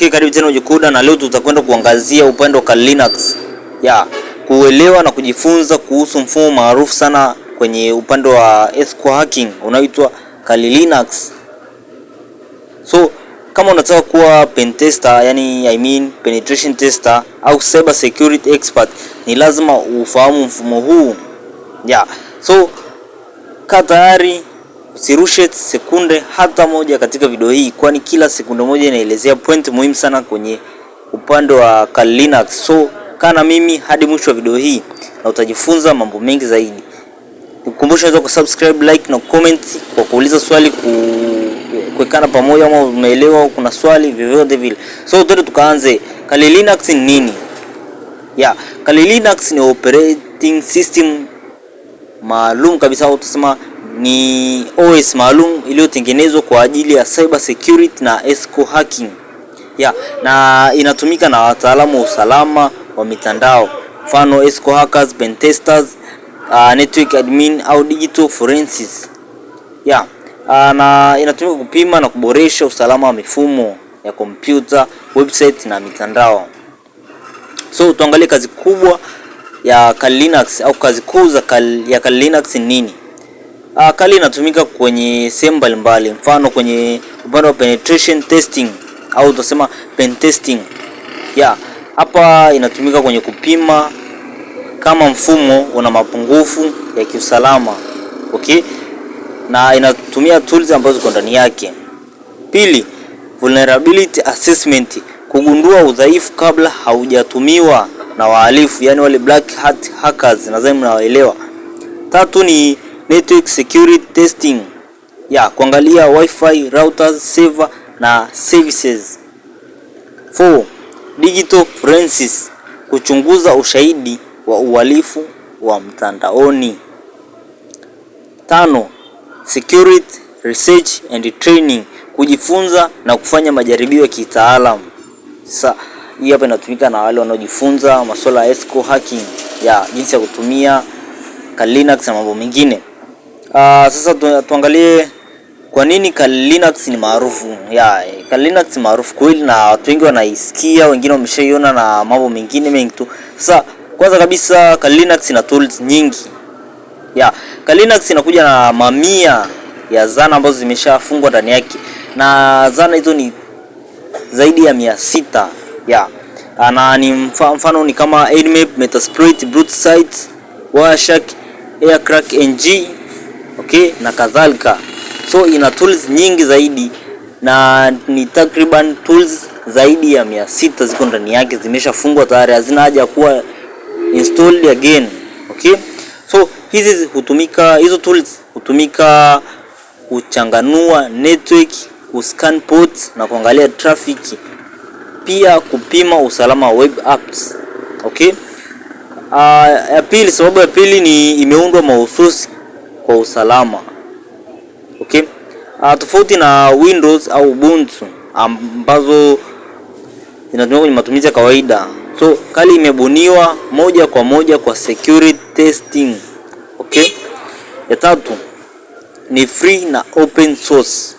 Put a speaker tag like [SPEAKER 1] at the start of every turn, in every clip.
[SPEAKER 1] Okay, karibu tena Ujikuda na leo tutakwenda kuangazia upande wa Linux. Ya, kuelewa na kujifunza kuhusu mfumo maarufu sana kwenye upande wa ethical hacking unaoitwa Kali Linux. So, kama unataka kuwa pen tester, yani I mean penetration tester au cyber security expert, ni lazima ufahamu mfumo huu. Ya. So, ka tayari Usirushe sekunde hata moja katika video hii, kwani kila sekunde moja inaelezea point muhimu sana kwenye upande wa Kali Linux. So kana mimi hadi mwisho wa video hii na utajifunza mambo mengi zaidi. Nikukumbusha unaweza kusubscribe, like na comment kwa kuuliza swali ku kuwekana pamoja ama umeelewa kuna swali vyovyote vile. So tuende tukaanze. Kali Linux ni nini? Yeah, Kali Linux ni operating system maalum kabisa au ni OS maalum iliyotengenezwa kwa ajili ya cyber security na ethical hacking. ya na inatumika na wataalamu wa usalama wa mitandao, mfano ethical hackers, pen testers, uh, network admin au digital forensics. ya uh, na inatumika kupima na kuboresha usalama wa mifumo ya kompyuta, website na mitandao. So tuangalie kazi kubwa ya Kali Linux au kazi kuu ya Kali Linux ni nini? Ah, kali inatumika kwenye sehemu mbalimbali, mfano kwenye upande wa penetration testing au tunasema pen testing. Yeah, hapa inatumika kwenye kupima kama mfumo una mapungufu ya kiusalama. Okay, na inatumia tools ambazo ziko ndani yake. Pili, vulnerability assessment, kugundua udhaifu kabla haujatumiwa na wahalifu, yani wale black hat hackers, nadhani mnawaelewa. Tatu ni network security testing ya kuangalia wifi routers server na services. 4. Digital forensics kuchunguza ushahidi wa uhalifu wa mtandaoni. 5. Security research and training kujifunza na kufanya majaribio ya kitaalamu. sa hii hapa inatumika na wale wanaojifunza masuala ya hacking ya jinsi ya kutumia Linux na mambo mengine. Uh, sasa tuangalie kwa nini Kali Linux ni maarufu. Yeah, Kali Linux ni maarufu kweli na watu wengi wanaisikia, wengine wameshaiona na mambo mengine mengi tu. Sasa kwanza kabisa Kali Linux ina tools nyingi. Yeah, Kali Linux inakuja na mamia ya zana ambazo zimeshafungwa ndani yake na zana hizo ni zaidi ya mia sita. Yeah. Na ni mfa, mfano ni kama Nmap, Metasploit, Brute Sites, Wireshark, Aircrack ng karaoke na kadhalika. So ina tools nyingi zaidi na ni takriban tools zaidi ya mia sita ziko ndani yake, zimeshafungwa tayari, hazina haja ya kuwa installed again. Okay, so hizi hutumika, hizo tools hutumika kuchanganua network, kuscan ports na kuangalia traffic, pia kupima usalama wa web apps. Okay, uh, ya pili, sababu ya pili ni imeundwa mahususi kwa usalama okay. Uh, tofauti na Windows au Ubuntu ambazo zinatumika kwenye matumizi ya kawaida. So Kali imebuniwa moja kwa moja kwa security testing okay. Ya tatu ni free na open source,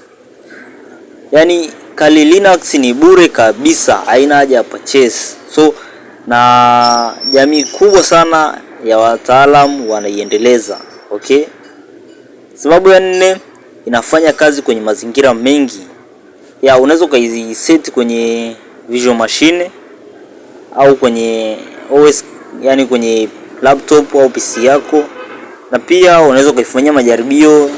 [SPEAKER 1] yaani Kali Linux ni bure kabisa, haina haja ya purchase. So na jamii kubwa sana ya wataalamu wanaiendeleza okay. Sababu ya nne, inafanya kazi kwenye mazingira mengi ya unaweza ukaiset kwenye Visual Machine au kwenye OS, yani kwenye laptop au PC yako, na pia unaweza ukaifanyia majaribio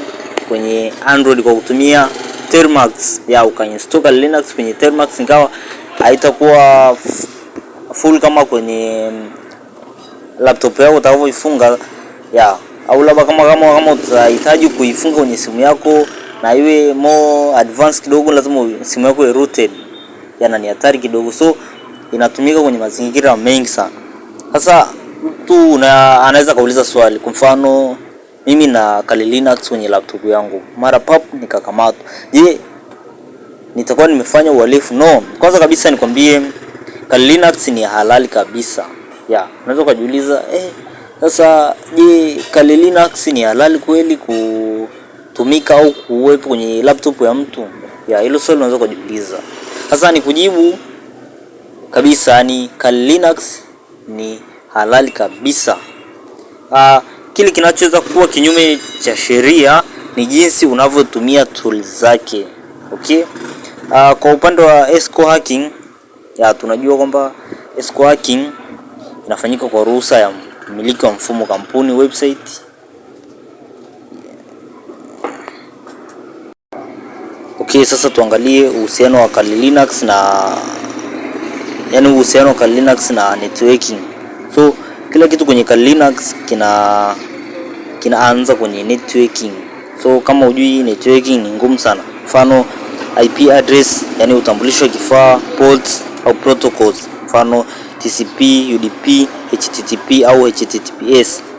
[SPEAKER 1] kwenye Android kwa kutumia Termax ya ukainstoka Linux kwenye Termax, ingawa haitakuwa full kama kwenye laptop yako utakavyoifunga ya au labda kama kama kama utahitaji kuifunga kwenye simu yako na iwe more advanced kidogo, lazima simu yako rooted, yana ni hatari kidogo, so inatumika kwenye mazingira mengi sana. Sasa mtu anaweza kauliza swali, kwa mfano mimi na kali Linux kwenye laptop yangu, mara pap nikakamatwa, je, nitakuwa nimefanya uhalifu? No, kwanza kabisa nikwambie kali Linux ni halali kabisa. Ya, unaweza kujiuliza eh sasa je, Kali Linux ni halali kweli kutumika au kuwepo kwenye laptop ya mtu? Ya hilo swali unaweza kujiuliza. Sasa ni kujibu kabisa ni Kali Linux ni halali kabisa. Ah, kile kinachoweza kuwa kinyume cha sheria ni jinsi unavyotumia tool zake. Okay? Ah, kwa upande wa ESCO hacking ya tunajua kwamba ESCO hacking inafanyika kwa ruhusa ya mmiliki wa mfumo kampuni website. Okay, sasa tuangalie uhusiano wa Kali Linux na yani uhusiano wa Kali Linux na networking. So kila kitu kwenye Kali Linux kina kinaanza kwenye networking. So kama hujui networking ni ngumu sana. Mfano IP address, yani utambulisho wa kifaa, ports au protocols. Mfano TCP, UDP, HTTP au HTTPS.